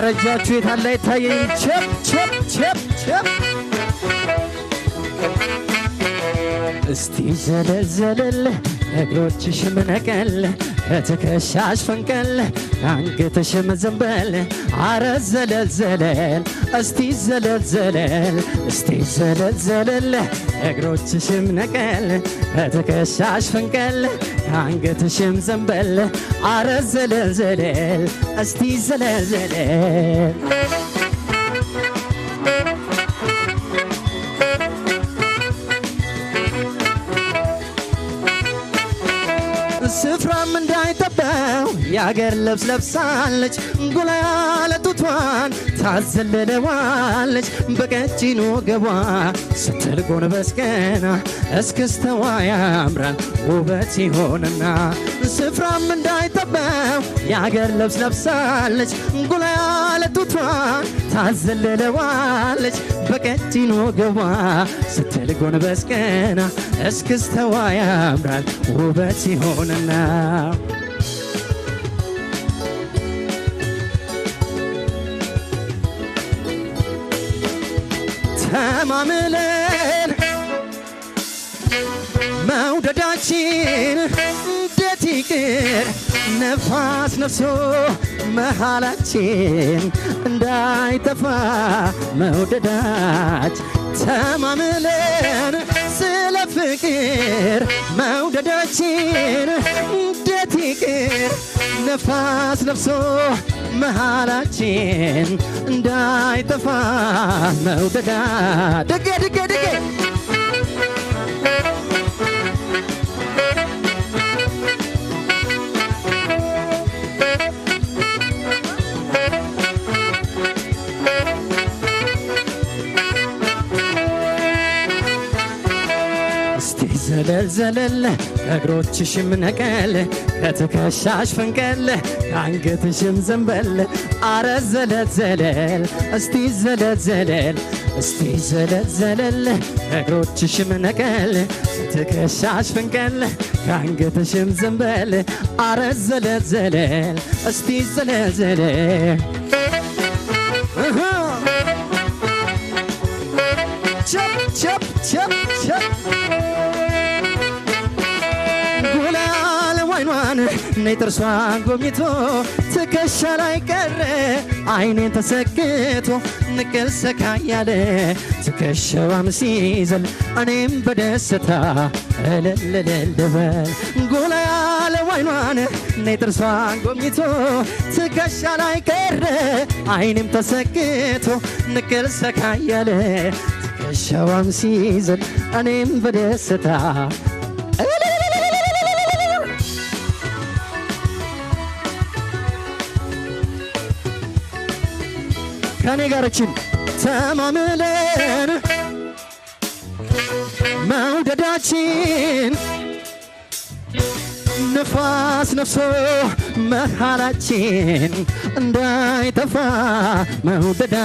አረ እጃችሁ የታለ ይታየኝ። ቸፕ ቸፕ ቸፕ ቸፕ እስቲ ዘለል ዘለል እግሮችሽም ነቀል ከትከሻሽ ፈንቀል አንገተሽ መዘንበል አረ ዘለል ዘለል እስቲ ዘለል ዘለል እስቲ ዘለል ዘለል እግሮችሽም ነቀል ከትከሻሽ ፈንቀል አንገትሽም ዘንበል አረ ዘለል ዘለል እስቲ ዘለል ዘለል ስፍራም እንዳይጠበው የአገር ልብስ ለብሳለች ጉላ ያለጡቷን ታዘለለዋለች በቀጭን ወገቧ ስትል ጎንበስ ቀና እስክስተዋ ያምራል ውበት ይሆንና ስፍራም እንዳይጠበው የአገር ልብስ ለብሳለች ጉላ ያለ ታዘለለዋለች በቀጭኑ ወገቧ ስትል ጎንበስ ቀና እስክስተዋ ያምራል ውበት ይሆንና አምለን መውደዳችን እንዴት ይቅር ነፋስ ነፍሶ መሃላችን እንዳይጠፋ መውደዳች ተማምለን ስለ ፍቅር መውደዳችን ይቅር ነፋስ ነፍሶ መሃላችን እንዳይጠፋ መውደዳ ድጌ ድጌ ድጌ ዘለል ዘለል እግሮችሽም ነቀል ከትከሻሽ ፍንቀል ከአንገትሽም ዘንበል አረ ዘለል ዘለል እስቲ ዘለል ዘለል እስቲ ዘለል ዘለል እግሮችሽም ነቀል ትከሻሽ ፍንቀል ከአንገትሽም ዘንበል አረ ዘለል ዘለል እስቲ ዘለል ዘለል ሰናይ ጥርሷን ጎብኝቶ ትከሻ ላይ ቀረ አይኔን ተሰክቶ ንቅል ሰካ ያለ ትከሻዋም ሲዘል እኔም በደስታ እልልልልበል ጎላ ያለ ዋይኗን ነይ ጥርሷን ጎብኝቶ ትከሻ ላይ ቀረ አይኔም ተሰክቶ ንቅል ሰካ ያለ ትከሻዋም ሲዘል እኔም በደስታ ከኔ ጋርችን ተማምለን መውደዳችን ንፋስ ነፍሶ መሃላችን እንዳይተፋ መውደዳ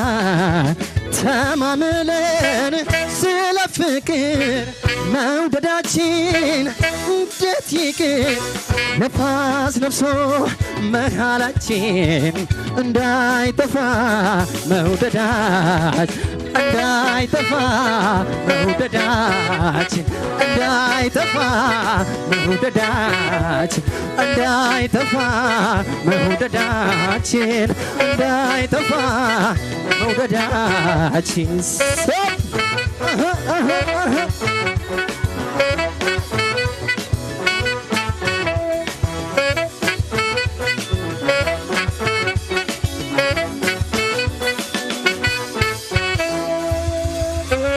ተማምለን ስለ ፍቅር መውደዳችን ሲቅ ነፋስ ለብሶ መሃላችን እንዳይጠፋ መውደዳች እንዳይጠፋ መውደዳችን እንዳይጠፋ መውደዳችን እንዳይጠፋ መውደዳችን እንዳይጠፋ መውደዳችን